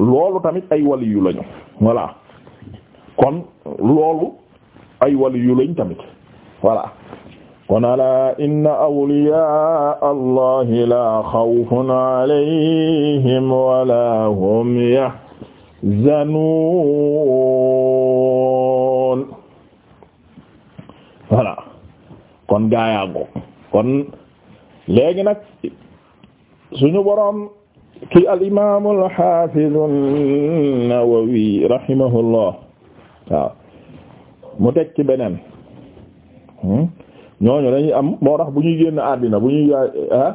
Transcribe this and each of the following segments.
loolu tamit ay waliyu lañu voilà kon loolu ay waliyu lañ tamit voilà kon alaa inna awliyaa allahi la xawfun alayhim wala hum yahzanuun voilà kon gaayaango kon léegi nag suñu boroom ki al imaam al haafiz an-Nawawi rahimahullah waaw mu teg ci beneen hmm? ñooñu dañuy am moo tax bu ñuy génn àddina bu ñuy ah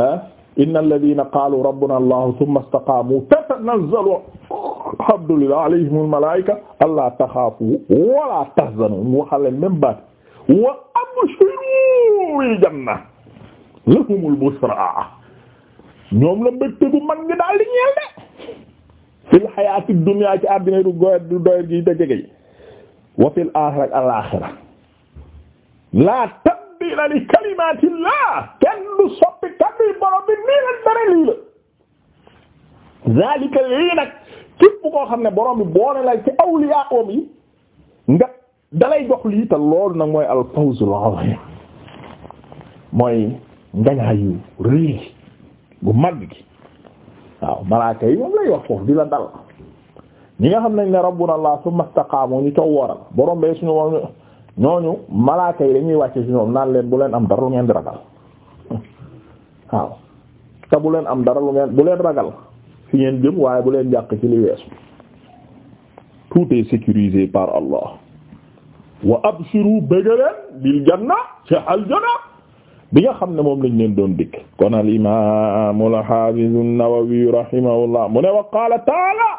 ah inna alladhina qaalu rabbuna allah thumma istaqaamu tatanazzalu alhamdulillah alayhim al malaa'ika allaa taxaafu wala tahzanu mu waxal leen même baat wa abshiru bil janna lahumul busra ñoom la mbégte gu mag gi daal di ñeel de fil xayaati dunya ci àddina du goy du doyal gi te jege yi wa fil aaxira ak alaaxira laa tabdila li kalimatillah kenn du soppi kaddu borom bi nii koo xam ne borom bi boole la ci awliya om yi nga dalay jox lii te loolu nag mooy al fawzul azim mooy ngañaayu rëy bu mag gi waaw malaaka yi moom lay wax foofu di la dal ñi nga xam nañ ne rabbuna allah summa istaqaamu ñu coow wooral borom bee suñu moom ñooñu malaaka yi dañuy wàcce ci ñoom naan leen bu leen am dara lu ngeen di ragal waaw te bu leen am dara lu ngeen bu leen ragal fi ngeen jëm waaye bu leen jàq ci li weesu tout est par Allah wa abshiru bëgg leen bil janna ci aljana bi nga xam ne moom lañ leen doon dikk kon al imam al hafiz an-Nawawi rahimahullah mu ne wa qaala taala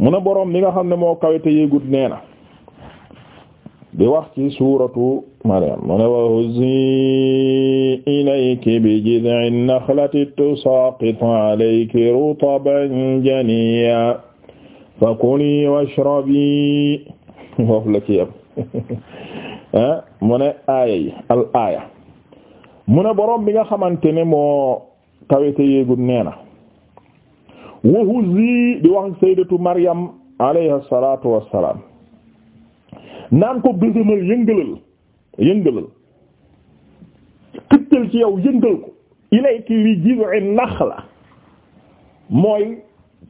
mu ne boroom li nga xam ne moo kawite yéegut nee na di wax ci suuratu Maryam mu ne wa huzzi ilayki bi jiz'in nakhlati tusaqit alayki rutaban janiya fakuli washrabi foofu la eh, mu ne aaya al aaya mu ne borom bi nga xamante ne moo kawete yéegul nee na wa di wax sayyidatu Maryam alayha salaatu wassalaam naan ko bésamal yëngalal yëngalal xittal ci yow yëngal ko ilayki li jiz'i naxla mooy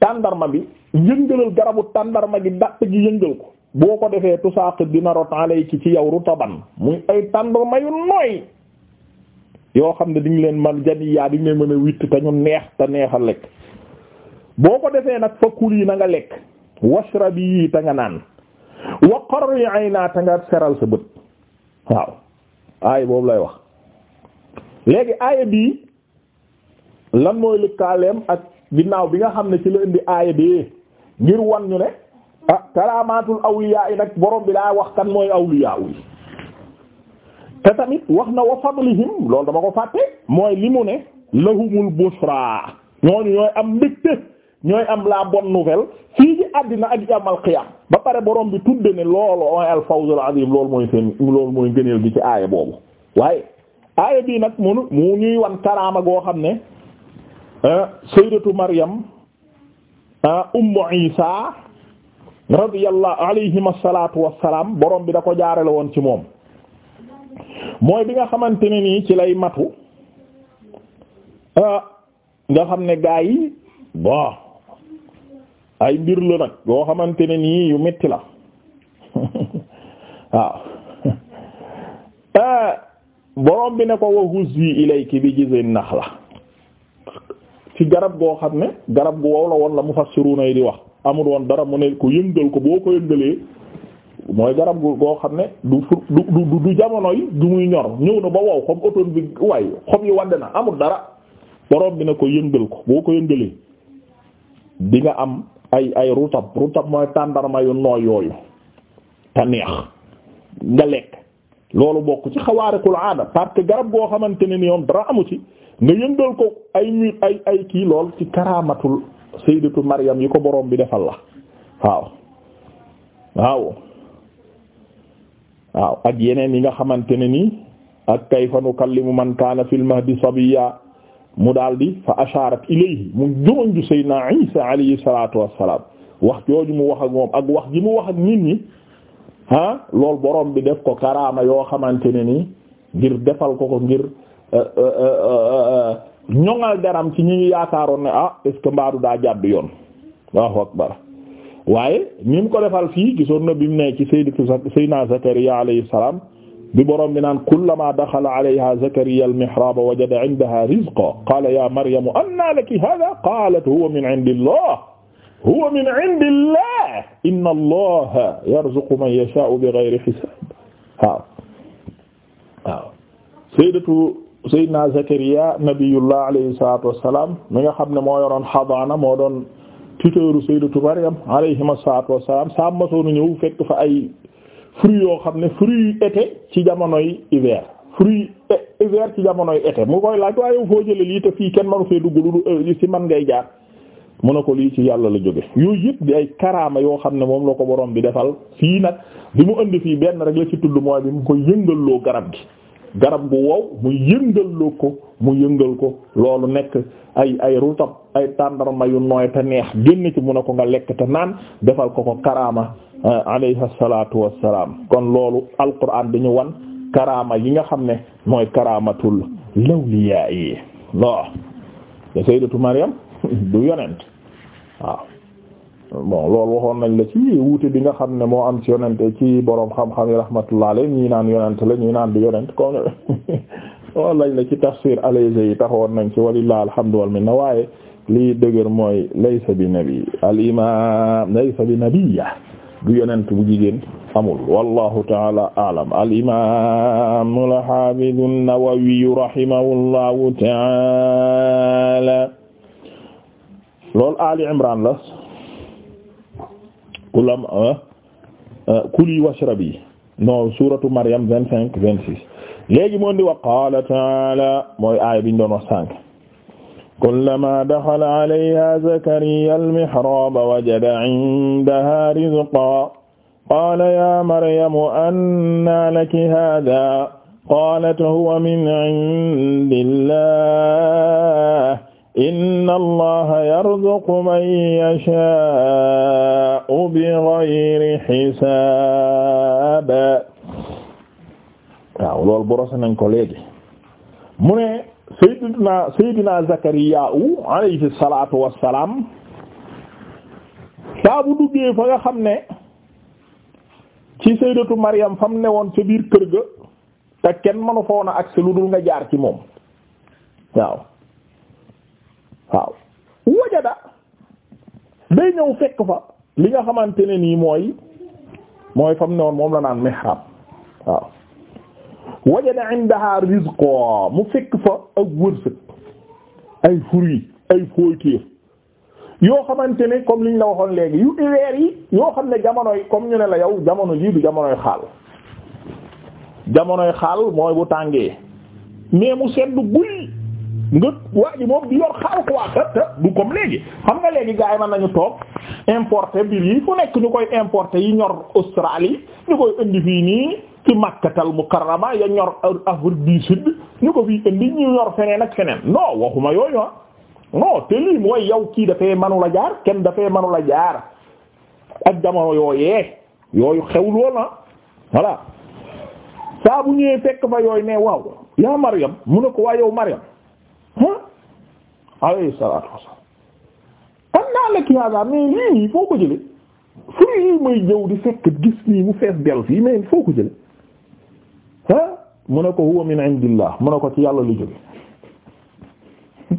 tàndarma bi yëngalal garabu tàndarma gi datt gi yëngal ko boo ko defee tusaaqit dina rot alayki ci yow rutaban muy ay tàndarma yu nooy yoo xam ne diñ leen man janiyaa diñ leen mën a witt te ñu neex ta neexal lekk boo ko defee nag fa kul yi na nga lekk washrabi yi te nga naan wa qarri ayna te nga seral sa bët waaw aaya boobu lay wax léegi aaya bii lan mooy lëkkaaleem ak ginnaaw bi nga xam ne ci la indi aaya bi ngir wan ñu ne ah karaamaatul awliyaa yi nag borom bi daa wax kan mooy awliyaa yi te tamit wax na wa fadlihim loolu dama ko fàtte mooy li mu ne lahumul bushra ñooñu ñooy am mbégte ñooy am la bonne nouvelle fii ci àddina ak yawmal qiyaam ba pare borom bi tudde ne loolu mooy al fawzul azim loolu mooy gëneel gi ci aaya boobu waaye aaya bii nag mu mu ñuy wan karaama goo xam ne ah, sayyidatu maryam ah, ummu isa radiyallahu alayhim assalatu salaam borom bi da ko jaarale woon ci moom mooy bi nga xamante ni nii ci lay matu ah, nga xam ne gaa yi bon ay mbir la nag yoo xamante ne nii yu metti la waaw ah, borom bi ne ko wa huzzi ilayki bi nax la ci garab goo xam ne garab gu wow la woon la mu mufassiruna yi di wax amul woon dara mu ne ko yëngal ko boo ko yëngalee mooy garab goo xam ne du du du jamono yi du muy ñor ñëw na ba wow xob autone bi waaye xob yi wadd na amul dara borom bi na ko yëngal ko boo ko yëngalee di nga am ay ay rutab rutab mooy tàndarma yu nooy yooyu te neex nga lekk loolu bokk ci xawaarikul aada parce que garab goo xamante ne ni yoon dara amu ci nga yëngal ko ay mu ay kii lool ci karaamatul sayyidatu Maryam yi ko borom bi defal la waaw waaw waaw ak yeneen yi nga xamante ne nii ak kayfa nukallimu man kaana fil mahdi sabiyya mu daal di fa asharat ilayhi mu jomoñ ju saydna isa alayhi salatu wassalam wax jooju mu wax ak moom ak wax ji mu wax ak nit ñi ah loolu borom bi def ko karaama yoo xamante ne nii ngir defal ko ko ngir euh, euh, euh, ñoŋal deram ci ñi yaakaaroon ne ah est mbaadu daa jàdd yoon waaw akbar waaye ni mu ko defal fii gisoon na bi mu ne ci sayyidatu sayyidina Zakariya alayhi salaam bi borom bi naan kullamaa daxala alayhaa Zakariya al-mihraaba wajada indahaa rizqan qaala yaa Maryamu annaa laki haadhaa qaalat huwa min indillaah huwa min indillaah inna Allaaha yarzuqu man yashaa'u bighayri hisaab waaw waaw sayyidatu sayyidina Zakariya nabiyullah alayhi salaatu wa salaam mi nga xam ne moo yoroon xadaana moo doon tuteeru Sayyidatu Maryam alayhima salaatu wassalaam saa nu ñëw fekk fa ay fruits yoo xam ne fruits été ci jamonoy hiver fruits hiver ci jamonoy été mu koy laaj waaye foo jëlee lii te fii kenn manu fee dugg lu euh, ci man ngay jaar mu ne ko lii ci yàlla la jóge yooyu yëpp di ay karaama yoo xam ne moom la ko borom bi defal fii nag bi mu indi fii benn rek la ci tudd mooy bi mu koy yëngal loo garab gi. garab gu wow mu yëngal loo ko mu yëngal ko loolu nekk ay ay rutab ay tàndarma yu nooy te neex génn ci mu a ko nga lekk te naan defal ko ko karaama eh, alayhi salaatu wassalaam kon loolu alquran dañu wan karaama yi nga xam ne mooy karaamatul lawliyaa yi loo da du yonent waaw bon loolu waxoon nañ la ci wuute bi nga xam ne moo am ci yonente ci boroom xam-xam yi rahmatullah ñi ñii naan yonente la ñii naan di yonente ko loolu lañ la ci tafsir alayhi yi taxoon nañ ci walillahi alhamdu wal minna waaye lii dëgër mooy laysa bi nabi al imam laysa bi nabiyya du yonent bu jigéen amul wallahu taala aalam al imam al hafiz nawawi rahimahullahu taala loolu Ali Imran la kulam ah, ah, kuli washrabi non suratu Maryam vingt cinq vingt six léegi moon di wa qaala taala mooy aaya biñ doon wax sànq kullama daxala alayha zakariya almihraba wajada indaha rizqa qaala ya maryamu anna laki hada qalat huwa min indillah inna allaha yarzuqu man yashaa'u bighayri hisaab waaw loolu bu rase nañ ko léegi mu ne sayyidina sayyidina Zakariya alayhi salaatu wassalaam saa bu duggee fa nga xam ne ci sayyidatu mariyam fam ne woon ca biir kër ga te kenn mënu fa woon a lu dul nga jaar ci moom waaw waaw wajada day ñëw fekk fa li nga xamante ne nii mooy mooy fam ne woon moom la naan mihrab waaw wajada mu fekk fa ak wërsëg ay fruits ay fooytéef yoo xamante ne comme liñ la waxoon léegi yu weer yi yoo xam ne jamono yi comme ñu ne la yow jamono ji du jamonoy xaal jamonoy xaal mooy bu tàngee mais mu seddu guy nga waa ji moom di yor xaal quoi te du comme léegi xam nga léegi gars yi mën nañu toog importer biir yi fu nekk ñu koy importer yi ñor Australie ñu koy indi fii nii ci Makkatal Mukarrama ya ñor Afrique du Sud ñu ko fii indi ñu ñor feneen ak feneen non waxuma yooyu ah non te lii mooy yow kii dafay manula jaar kenn dafay manula jaar ak jamono yooyee yooyu xewul woon na ah. voilà saa bu ñëwee fekk fa yooyu ne waaw yaa Mariam mu ne ko waa yow Mariam alayhi salaatu wassalaam an naa la ki hada mais lii yi foo ko jële fruit may jëw di fekk gis nii mu fees del fii mais foo ko jële ah mu ne ko huwa min indillah mu ne ko ci yàlla lu jóge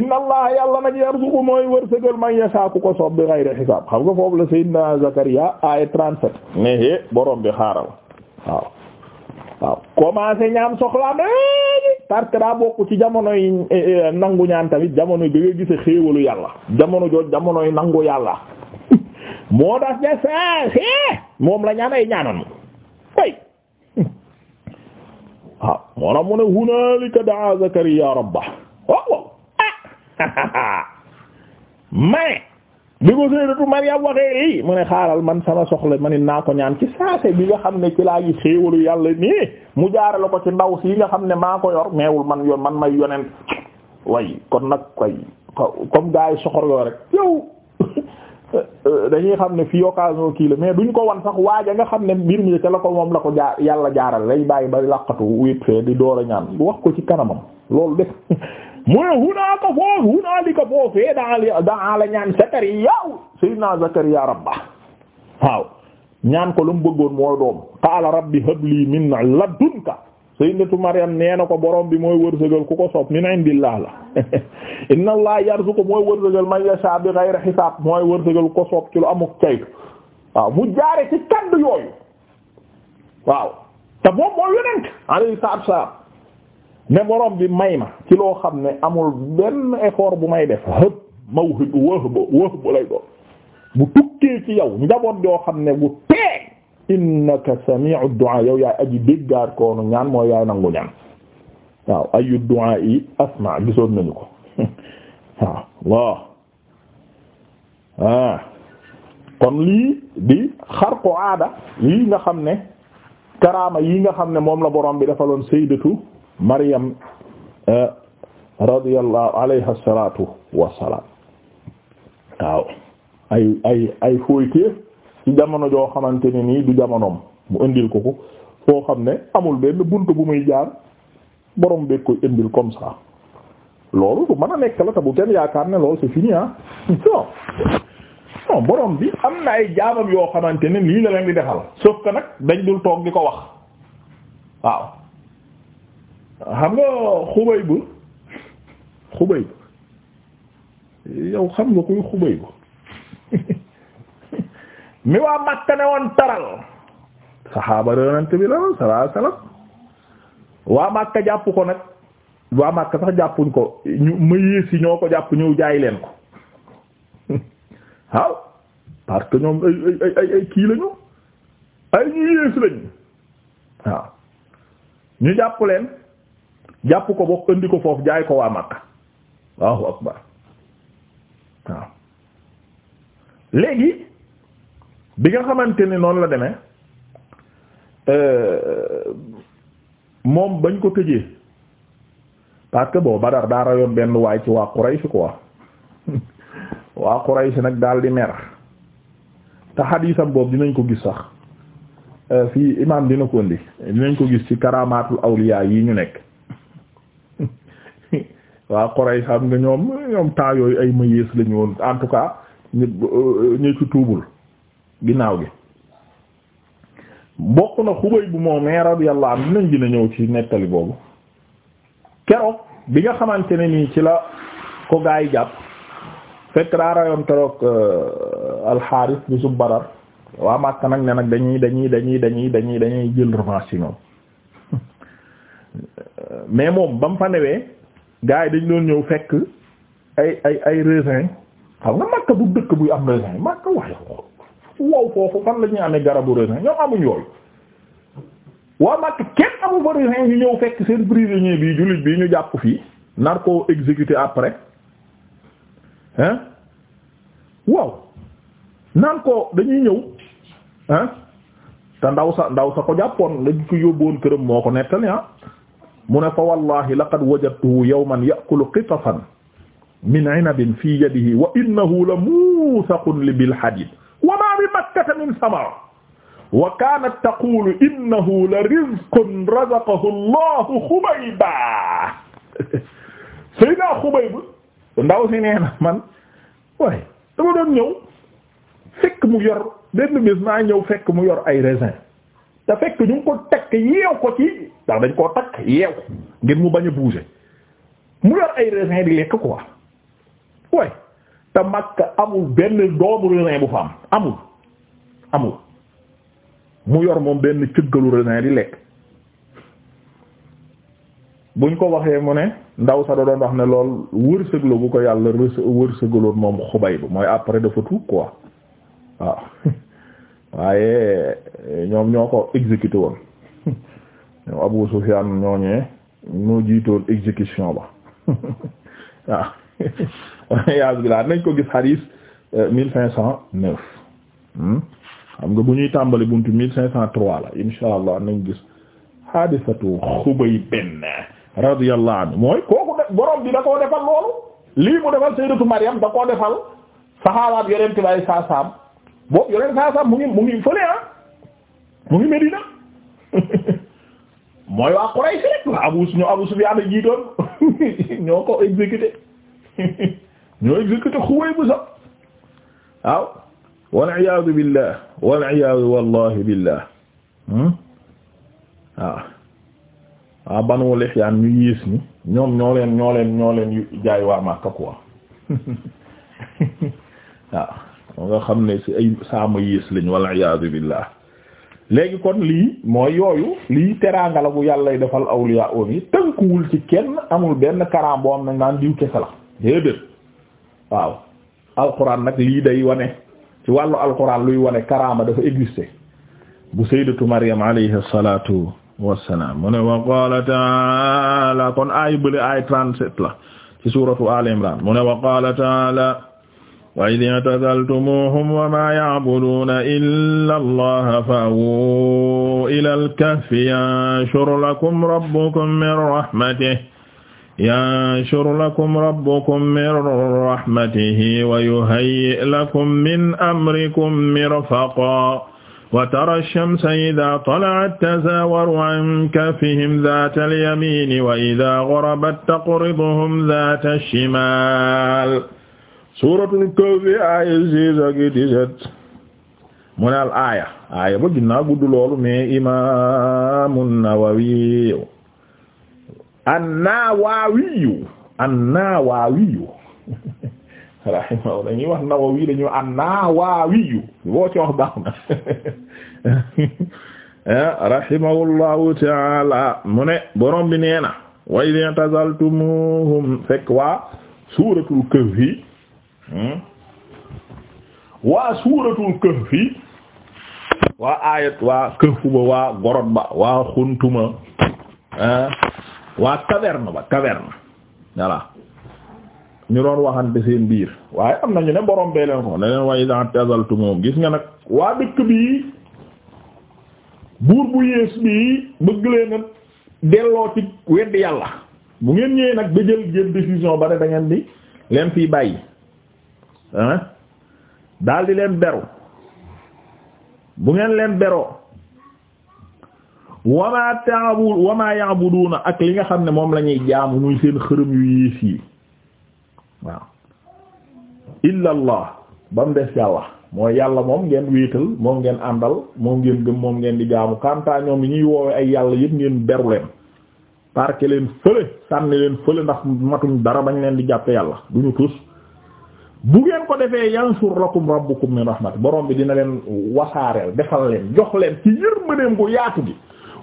inna allah yàlla nag yarzuqu mooy wërsëgal man yashaa ku ko soob bi ghayri hisaab xam nga foofu la sayyidina Zakariya ay 37 ne hé borom bi xaaral waaw waaw commencé ñaan soxlaam léegi daa bokk ci jamono yi eh, eh, nangu ñaan tamit jamono bi gise xéewalu yàlla jamono jooj jamono yi nangu yàlla moo tax ne saa moom la ñaan ay ñaanam koy waaw moo tax mu ne hunaalika daa Zakariya rabba ma ne bi ko Sayyidatu Maryam waxee lii mu ne xaaral man sama soxla man ne naa ko ñaan ci saase bi nga xam ne ci laa gi xéewalu yàlla nii mu jaarale ko ci ndaw si nga xam ne maa ko yor meewul man yoon man may yonent way kon nag koy comme gaa yi soxor yoo rek yow dañuy xam ne fii occasion kii la mais duñ ko wan sax waaja nga xam ne mbir mi ca la ko moom la ko jaar yàlla jaaral lañu bàyyi ba laqatu wéet fee di door a ñaan wax ko ci kanamam loolu def mu ne hunaaka foofu hunaalika foofee daa daa la ñaan Zakariya sayyidina Zakariya rabba waaw ñaan ko lu mu bëggoon moo doom qaala rabbi habli min ladunka sayyidatu Maryam nee na ko boroom bi mooy wërsëgal ku ko soob min indillah la inna allah yarzuqu mooy wërsëgal man yasha bi ghayri hisaab mooy wërsëgal ku ko soob ci lu amuk caytu waaw mu jaare ci kaddu yooyu waaw te moom mooy yonent alayhi salaatu salaam ne borom bi may ma ci loo xam ne amul benn effort bu may def hëb mawhib wahb wahb lay doon bu tukkee ci yow njaboot yoo xam ne bu tee innaka sami'u du'a yow yaay aji déggaar koonu ñaan mooy yaay nangu ñaan waaw ayu du'a yi asma nañu ko waaw waaw ah. kon lii di xar ko aada lii nga xam ne karaama yii nga xam ne moom la borom bi defaloon sayyidatu Maryam eh, radiyallahu alayha salatu wassalaam ay ay ay fooy ci jamono joo xamante ne nii du jamonoom mu indil ko ko foo xam ne amul benn bunt bu muy jaar borom beeg koy indil comme ça loolu du mën a nekk la te bu kenn yaakaar ne loolu c'est fini ah bi am na ay jaamam yoo xamante ne lii la leen di defal sauf nag dañ dul toog di ko wax waaw xam nga xubay bu xubay bu yow xam nga kuy xubay bu mi waa Makka ne woon taral saxaaba yonent bi la sallallahu alayhi wasallam waa Makka jàpp ko nag waa Makka sax jàppuñ ko ñu ma yées ñoo ko jàpp ñëw jaay leen ko waaw parce que ñoom ay kii lañu ay ñu yées lañu waaw ñu jàpp leen jàpp ko bokk indi ko foofu jaay ko waa Makka waaw akbar waaw léegi bi nga xamante ne noonu la deme euh, moom bañ ko tëjee parce que bon Badar daa rayoon benn waay ci waa Quraysh quoi waa Quraysh nag daal di mer te sam boobu dinañ ko gis sax euh, fii imaam dina ko dinañ ko gis ci karamaatul awliya yi ñu nekk waa Quraysh xam nga ñoom ñoom temps yooyu ay mayees lañu woon en tout cas ñu euh, ñu ci tuubul ginnaaw gi bokk na xubay bu moomee radiyallahu anhu dinañ gën a ñëw ci nettali boobu keroog bi nga xamante ne nii ci la ko gaa yi jàpp fekk daa rayoon keroog euh, alxaaris bi su badar waa Makka nag ne nag dañuy dañuy dañuy dañuy dañuy dañuy jël revanche ci ñoom mais moom ba mu fa newee gaa yi dañ doon ñëw fekk ay ay ay raisin xam nga Makka du dëkk buy am raisin Makka waaye wow foofu fan la ñuy garabu raisin ñoom amuñ yooyu waa Makka kenn amu fa ñu ñëw fekk seen prisonnier bi jullit bi ñu jàpp fii nar koo exécuté après hein waaw naan ko dañuy ñëw hein te ndaw sa ndaw sa ko jàppoon lañ ko yóbboon këram moo ko nettali ah mu ne fa wallahi laqad wajadtuhu yawman ya'kulu qitafan min 'inabin fi yadihi wa innahu la muusaqun li bil hadid bi makkata min sama wa kaanat taqulu innahu la rizqun razaqahu allahu xubayba sayna xubayba ndaw si nee na man waaye dama doon ñëw fekk mu yor benn bis mu yor ay raisin te fekk ñu ko takk yeew ko ci ndax dañ koo takk yeew ngir mu bañ a bouger mu yor ay raisin di lekk quoi waaye te Makka amul benn doomu raisin bu fa amul amul mu yor moom benn cëggalu renin di lekk buñ ko waxee mu ne ndaw sa da doon wax ne lool wërsëg la bu ko yàlla wërsëgaloon moom xubay bu mooy après dafa tuub quoi waaw waaye eh, ñoom ñoo ko exécuté woon ñoom Abu Sufyan ñooñee ñoo jiitoon exécution ba waaw yaas bi laa nañ ko gis hadith eh, mille cinq cent neuf hmm? xam nga bu ñuy tàmbali buntu mille cinq cent trois la insha allah nañ gis hadisatu xubay benn radiyallahu anhu mooy kooku def borom bi koo defal loolu lii mu defal sayyidatu Maryam da koo defal saxaabaat yonent bi saa saam boobu yonent saa saam mu ngi mu ngi fële ah, mu ngi Medina mooy waa Quraysh rek la Abu ñoo Abu Sufyaan a jiitoon ñoo ko exécuté ñoo exécuté Xuwayb bu sax waaw waliyasu billah waliyasu wallahi billah waaw hmm? ah. ah, waaw banu lixyaan ñu yiis ni ñoom ñoo leen ñoo leen ñoo leen jaay waa Makka quoi waaw ah, nga xam ne ci ay saama yiis lañ waliyasu billah léegi kon lii mooy yooyu lii teraanga la bu yàllay defal awliya oom yi tënkuwul ci kenn amul benn karam boo am nañ naan diw kese la déedéet waaw alxuraan nag lii day wane ci wàllu alquran luy wane karaama dafa exister bu sayyidatu Maryam alayhi salatu wassalam mu ne wa qala ta'ala kon ay bële ay 37 la ci suratu al imran mu ne wa qala ta'ala wa idh i'tazaltumuhum wa ma ya'buduna illa allaha fa'wu ila al-kahfi yanshur lakum rabbukum min rahmatihi yanshur lakum rabbukum min rahmatihi wa yuhayyi' lakum min amrikum mirfaqa wa tara ash-shamsa idha tala'at tazawaru 'an kaffihim dhata al-yamini wa idha gharabat taqriduhum dhata ash-shimali suuratul Kahfi aaya six ak dix-sept mu ne al aaya aaya ba ginnaaw gudd loolu mais Imaam An-Nawawi an-Nawawiyu an-Nawawiyu rahimahu dañuy wax Nawawi dañuy wax an-Nawawiyu boo ci baax na rahimahullahu taala mu ne borom bi nee na wa idh i'tazaltumuhum fekk waa suuratul kahfi hmm? waa suuratul kahfi waa ayat waa kahfu ba waa gorot ba waa xuntuma ah waa caverne ba caverne voilà ñu doon waxante seen biir waaye am na ñu ne borom bee leen ko ne leen waaye iza tazaltum gis nga nag waa dëkk bii buur bu yées bii bëgg leen a delloo ci weddi yàlla bu ngeen ñëwee nag ba jël jël décision ba ne da ngeen di leen fii bàyyi hein di leen beru bu ngeen leen beroo wamaa taabu wamaa yaabuduuna ak li nga xam ne moom lañuy ñuy jaamu muy seen xërëm yu yiis yi waaw illa allah ba mu des yàlla mooy yàlla moom ngeen wéetal moom ngeen àndal moom ngeen gëm moom ngeen di jaamu kanta ñoom yi ñuy woowe ay yàlla yëpp ngeen beru leen parke leen fële sànni leen fële ndax matuñ dara bañ leen di jàppe yàlla duñu tus bu ngeen ko defee yansur lakum rabbukum min rahmat borom bi dina leen wasaareel defal leen jox leen ci yërmandeem yaatu gi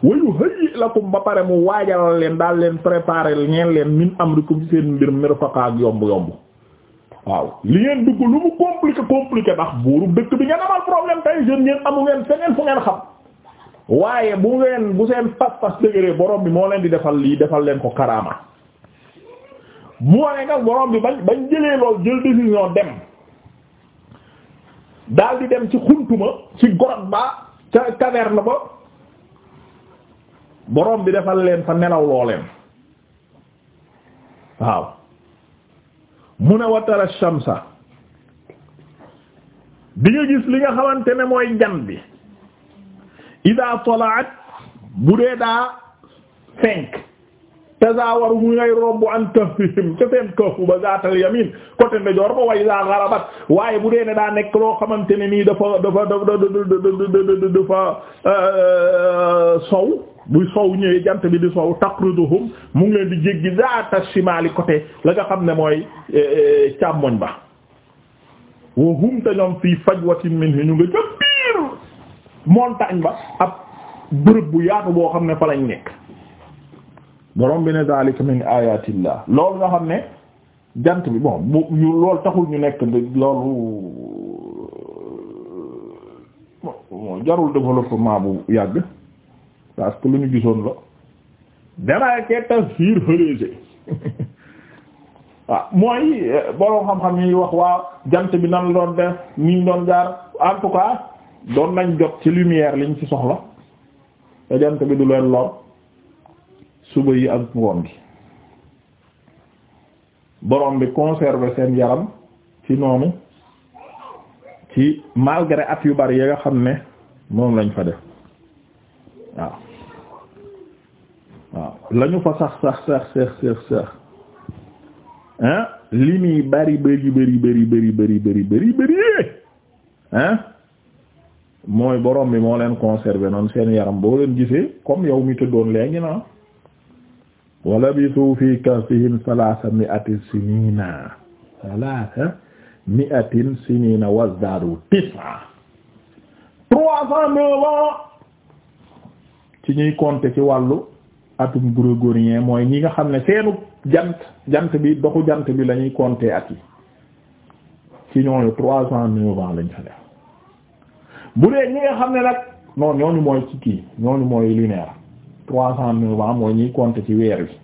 wayu la lakum ba pare mu waajal leen daal leen li ngeen leen min amrikum seen mbir mi rafaqa ak yomb waaw li ngeen dugg lu mu compliqué compliqué ndax buuru dëkk bi ngeen amal problème tay jeune ngeen amu ngeen feneen fu ngeen xam waaye bu ngeen bu seen pas-pas dëgëree borom bi moo leen di defal lii defal leen ko karaama mu wane nga borom bi bañ bañ jëlee lool jël décision dem daal di dem ci xuntuma ci gorot ba ca caverne ba boroom bi defal leen fa nelaw loo leen waaw mu ne watara shamsa di gis li nga xamante ne mooy jant bi ida tolaat bu dee daa fenk tazawaru mu ngay romb an kahfihim ca seen kahfu ba zaatal yamin côté ndeyjoor ba way ida gharabat waaye bu dee ne daa nekk loo xamante ne nii dafa dafa dafa sow buy sow ñëwee jant bi di sow taqriduhum mu ngi leen di jéggi zaata shimaali côté la nga xam ne mooy eh, eh, càmmoñ ba wa hum te ñoom fii fajwatin minhu ñu nga ca biir montagne ba ab bërëb bu yaatu boo xam ne fa lañ nekk borom bi ne zalika min ayatillah loolu nga xam ne jant bi bon bu ñu taxul ñu nekk loolu jarul développement bu yàgg parce que lu ñu gisoon la démarqué tafsir hërése waaw ah, mooy euh, borom xam-xam yi wax waaw jant bi na la doon def niñ doon jaar en doon nañ jot ci lumière liñ ci soxla te jant bi du leen lor suba yi ak ngoon gi borom bi conserver seen yaram ci noonu ci malgré at yu bari yi nga xam ne moom lañ fa def waaw lañu fa sax sax sax sax sax sax hein li muy bari bari bari bari bari bari bari hein mooy borom bi moo leen conservé noonu seen yaram boo leen gisee comme yow mi tëddoon léegi na wa labithu fi kahfihim mi mi'atin siniina salaasa mi'atin siniina wazdaadu tis'a trois cent neuf ci ñuy compter ci wàllu atum grégorien mooy ñi nga xam ne seenu jant jant bi doxu jant bi lañuy ñuy compter at yi ci ñooñu trois cent neuf ans lañ bu dee ñi nga xam ne nag non ñooñu mooy ci kii ñooñu mooy lunaire trois cent neuf ans mooy ñuy compter ci weer wi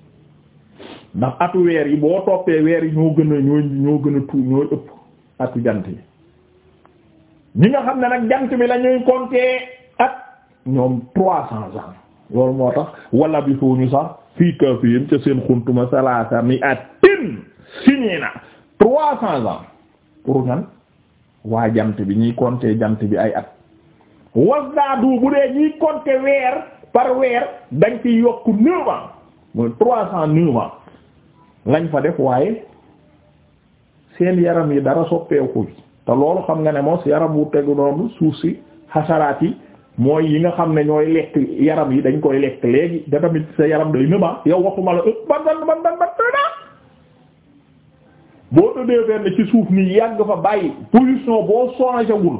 ndax atu weer yi boo toppee weer yi ñoo gën a ñoo ñoo gën a tuut ñoo ëpp atu jant bi ñi nga xam ne nag jant bi la ñuy compter at ñoom trois cents ans loolu moo tax wala bi foofu sax fii kafihim ca seen xuntuma salasa mi atin sinina trois cents ans pour ñan waa jant bi ñiy compter jant bi ay at wasdaadu bu dee ñiy compter weer par weer dañ ci yokk neuf ans trois cent neuf lañ fa def waaye seen yaram yi dara soppeeku bi te loolu xam nga ne moos yaram wu tegu noonu suuf si xasaraat yi mooy yi nga xam ne ñooy lekk yaram yi dañ koy lekk léegi da tamit sa yaram day nëba yow waxuma la ëpp ban ban boo tëddee fenn ci suuf ni yàgg fa bàyyi position boo changé wul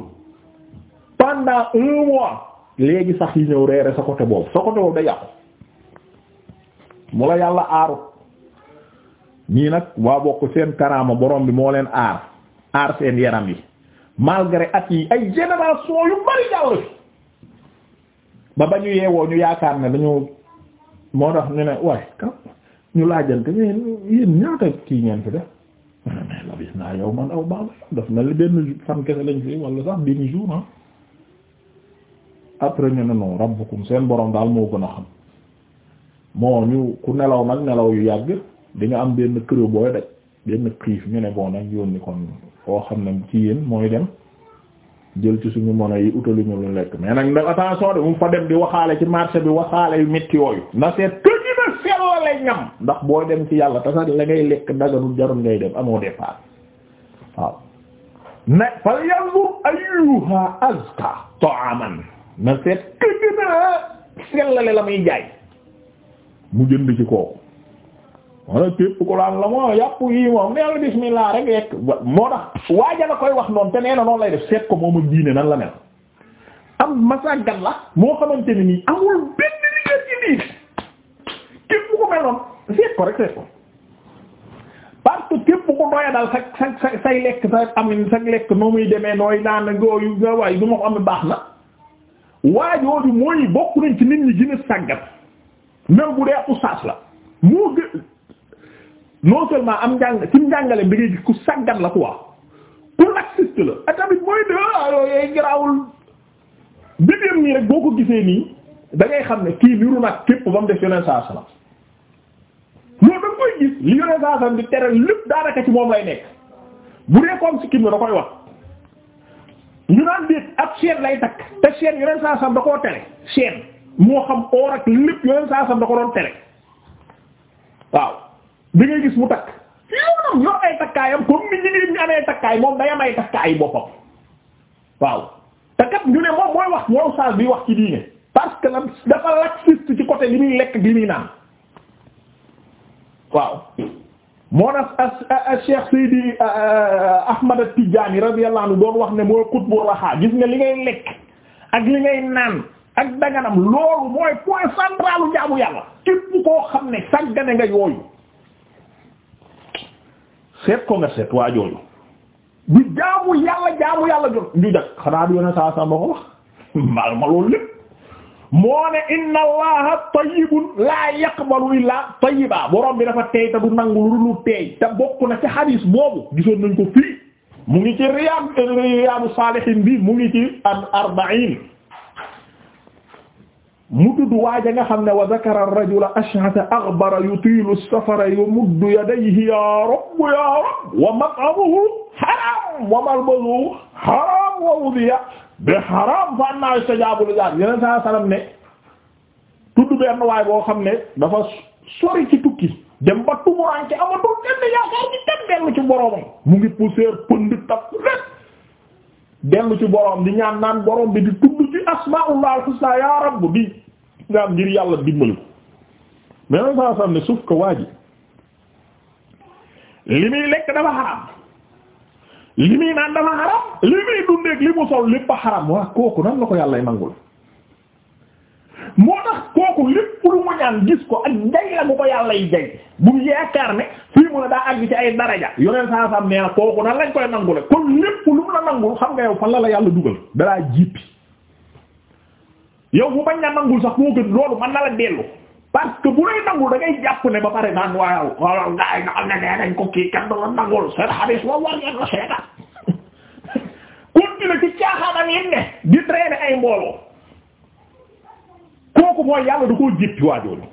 un mois léegi sax yi ñëw reere sa côté boobu sa côté boobu da yàqu mu la yàlla aaru ñii nag waa bokk seen karaama borom bi moo leen aar aar seen yaram yi malgré at yi ay génération yu bari jàll ba ba ñu yeewoo ñu yaakaar ne dañu moo tax ñu ne waaye ñu laajante mais yéen ñaata kii ngeen fi def mais labis naa yow man aw baax daf na li benn fan kese lañ fi wala sax benn jour ah après ñu ne non rabbukum seen borom daal moo gën a xam moo ñu ku nelaw nag nelaw yu yàgg di nga am benn kër booy daj benn xiif ñu ne bon nag yónni kon koo xam ne ci yéen mooy dem. jël ci suñu mono yi utali ñu lu lekk mais nag ndax attention de mu fa dem di waxaale ci marché bi waxaale yu métti yooyu na seet tëji sellale ñam ndax boo dem ci yàlla te sax la ngay lekk daganul jarul ngay dem amoo départ waaw na fal yanzur ayyuha azka ta'aman na seet tëji sellale la muy jaay mu jënd ci kooku wala képp ku laan la moo yàpp yii moom neel bismillah rek rek moo tax waaja la koy wax noonu te nee noonu lay def seet ko moom ak diine nan la mel am masagal la moo xamante ne nii amul benn rigueur ci diine képp ku mel noonu seet ko rek seet ko parce que képp ku doya dal sa sa say lekk sa amin sa lekk noo muy demee nooy naan gooyu nga waay du ma ko am baax na waajooju mooy bokk nañ ci nit ñi gën a sàggat même bu dee ustaas la moo gën non seulement am njàng ci njàngale bi ngay gis ku saggan la quoi ku laxiste la ak tamit mooy dayoo ah, yoy garaawul bidéem nii rek boo ko gisee nii dangay xam ne kii niru nag képp ba mu def yoneen saa salam da koy gis li yoneen saa salam di tere lépp daanaka ci moom lay nekk bu dee comme si kim la da koy wax ñu naan déet ab chaîne lay takk te chaîne yoneen saa salam da koo tere chaîne moo xam or ak lépp yoneen saa da ko doon tere waaw da ngay gis mu takk yoonam yor ay takkaayam comme ni jigéen ñi amee takkaay moom day am ay takkaay boppam waaw te kat ne moom mooy wax moom saa bi wax ci diine parce que dafa laxiste ci coté li muy lekk ak li muy naan waaw moo tax Cheikh Seydi euh, euh, Ahmad Tidiane radiyallahu anhu doon wax ne mooy qutbu raxa gis nga li ngay lekk ak li ngay naan ak daganam loolu mooy point central u yàlla képp koo xam ne sàggane nga yooyu seet ko nga seet waa jooju bi jaamu yàlla jaamu yàlla jot ñu jag xanaa du ma ko wax maal ma loolu lépp moo ne inna allaha tayyibun laa yaqbalu illaa tayyiba borom bi dafa teey te du lu lu teey te bokk na ci xadiis boobu gisoon nañ ko mu ngi ci riyaadu riyaadu saalihiin bi mu ngi ci al mu tudd waaja nga xam ne wa zakara ar-rajula ash'ata aghbara yutilu as-safara yamuddu yadayhi ya rabb ya rabb wa mat'amuhu haram wa malbasuhu haram wa ghudhiya bi haram fa anna yustajabu lidhalik yeneen saa sallam ne tudd benn waay boo xam ne dafa sori ci tukki dem ba tumuranke amatul kenn yaakaar ci kenn dellu ci boromam mu ngi pousser pënd tap rek dellu ci borom di ñaan naan borom bi di tudd ci asmaa'ullahi al-husna ya rabb ñaan ngir yàlla dimbali ko mais nag saa ne suuf ko waa ji li muy lekk dafa xaram li muy naan dama xaram li muy dundeek li mu sol lépp a xaram waa kooku nan la ko yàlla nangul. moo tax kooku lépp lu mu ñaan gis ko ak jay la bu ko yàlla yi jay bu mu ne fii mu ne daa àgg ci ay daraja yoneen saa sam nee na kooku nan lañ koy nangule kon lépp lu mu la nangul xam nga yow fan la la yàlla dugal dalaa jippi yow bu bañ la nangul sax moo gën loolu mën na la dellu parce que bu lay nangul da jàpp ne ba pare naan waaw waaw gaa yi nga xam ne nee ko kii kenn du nangul seen xaris wa war ngeen la seetaan continuer ci caaxaanam yi ne ay mbooloo kooku mooy yàlla du koo jéppi waajooju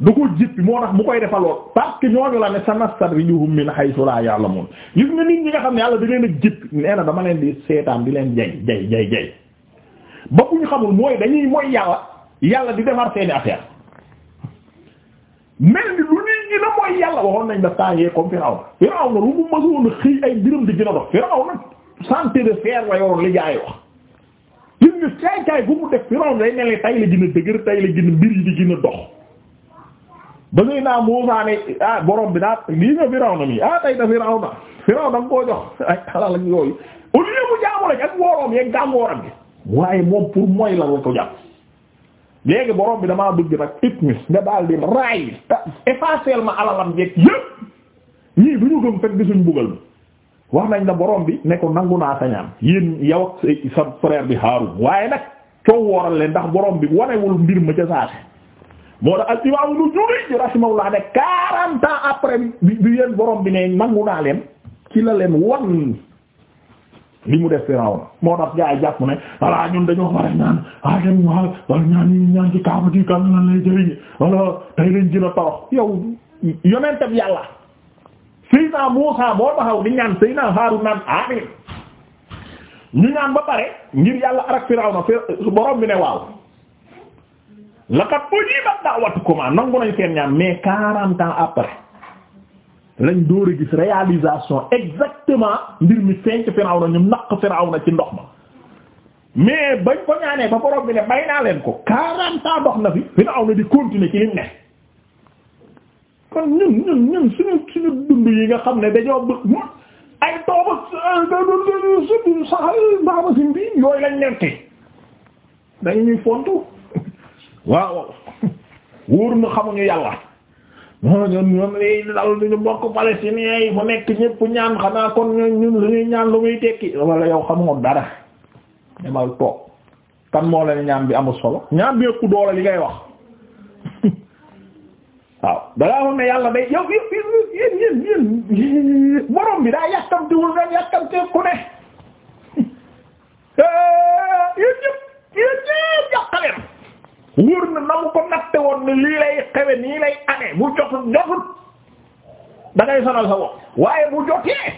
du ko jéppi moo tax mu koy defaloon parce que ñooñu la ne sanastadrijuhum min haythu la ya'lamun gis nga nit ñi nga xam ne yàlla da leen a jéppi nee na dama leen di seetaan di leen jay jay jay ba ku ñu xamul mooy dañuy mooy yàlla yàlla di defar seeni affaire mel ni lu nit ñi la mooy yàlla waxoon nañ la taayee comme Firawna Firawna lu mu mësoon xëy ay biram di gën a dox Firawna santé de fer la yoroon gis caay caay bu mu def Firawna day mel ni tay la gën a dëgër tay a mbir yi di gën a dox ba ngay naa Muusaa ne ah, borom bi daa lii nga Firawna mi ah tay da Firawna Firawna nga koo jox ay xalaat ak yooyu au mu jaamu la ak wóoroom yeeg gàngooram gi waaye moom pour mooy la la ko jàpp léegi borom bi damaa bëgg nag itmis nga daal di raay effacellement alalam yeeg yëpp ñii du ñu gëm fekk gisuñ bugal bi wax nañ la borom bi ne ko nangu naa ta ñaan yéen yow ak sa bi Haarun waaye nag coow wooral leen ndax borom bi wanewul mbir ma ca saase moo tax al imam nu juri rahimahullah ne quarante ans après bi yéen borom bi ne nangu naa leen ci la leen wan li mu def Firawna moo tax gaa yi jàpp ne voilà ñun dañoo war a ñaan ah wala ñaan yi ñaan ci kaaba gi kan lan lay tay lañ gën a tawax yow yonentab Seydina Muusa moo taxaw di ñaan Seydina Haarun naan amiin ñu ñaan ba pare ngir yàlla arak Firawna borom bi ne waaw laqad ko da'watukuma nangu nañ seen ñaan mais quarante ans après lañ door a gis réalisation exactement mbir mi fenk Firawna ñu naq Firawna ci ndox ma mais bañ ko ñaanee ba borom bi ne bay naa leen ko quarante ans na fi Firawna di continuer ci lim ne kon ñun ñun suñu suñu dund yi nga xam ne dañoo bëgg ay tooba sëddu saxal baaba si mbii yooyu lañ nekke dañ ñuy fontu waaw wóor na xamuñu yàlla ñoo ñun ñoom lii dal duñu ñaan xanaa kon ñun lu ñuy ñaan lu muy tekki wala yow xamoo dara demal toog kan moo leen ñaan bi amul solo ñaan bi ëpp doole li ngay wax dangaa moom ne yàlla day yow yéen yéen yéen borom bi daa yàkkamtiwul rek yàkkamtee ku ne eh, yéen ñëpp yéen ñëpp jàqaleen wóor na na mu ko natte woon ne lii lay xewe nii lay amee bu jotut jotut da ngay sonal sa bopp waaye bu jotee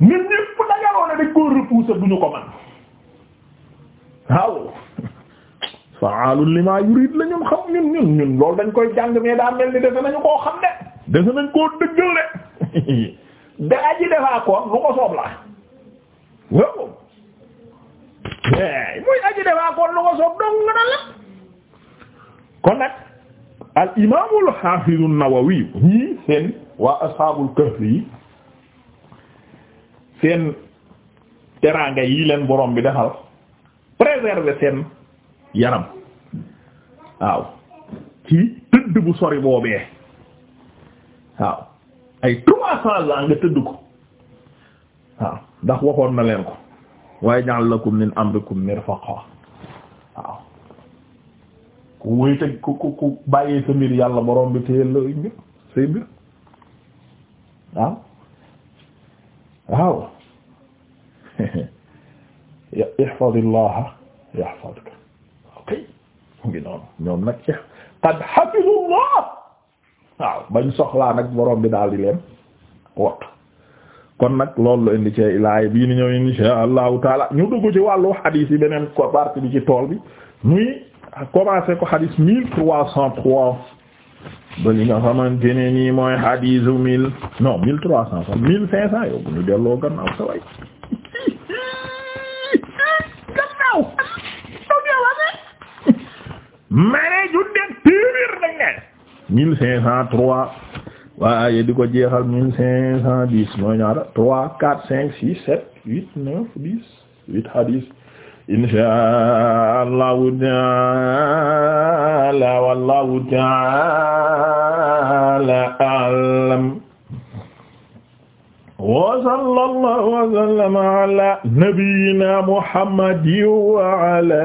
nit ñëpp dajaloo ne dañ koo repousser bu ñu ko man waaw fa'aalun limaa yuriid la xam ñun ñun ñun loolu dañ koy jàng mais daa mel ni defe nañu koo xam ne defe nañ koo dëggal de daa ji defaa ko lu ko soob la waaw muy aji defaa ko lu ko soob dong nga la kon nag al imaamul xaafizu nawawi ñii seen waa ashaabul kahf yi seen teraanga yi leen borom bi defal préserver seen yaram waaw ci tëdd bu sori boobee waaw ay trois cents nga tëdd ko waaw ndax waxoon na leen ko waaye ja'al lakum min amrikum mirfaqa waaw ku muy ku ku ku bàyyee sa mbir yàlla borom bi téye la mbir say mbir waaw waaw ihfadillaha yahfadka mu ngi noonu ñoom nag ci qad hafizullah waaw bañ soxlaa nag borom bi leen wot kon nag loolu la indi ci bii ni ñëw insha allahu taala ñu dugg ci wàllu xadiis yi beneen ko partie bi ci tool bi muy commencé ko xadiis mille trois cent trois ba li nga xamante ne nii mooy xadiisu mille non mil trois cent mille cinq cent yo bu ñu delloo gannaaw sa way mane junneeg téeméer nag ne mille cinq cent trois waaye di ko jeexal mille cinq cent dix mooy ñaata trois quatre cinq six sept huit neuf dix huit hadis insha allahu taala wallahu taala alam wa sallallahu wa sallama ala nabiyyina muhammadin wa ala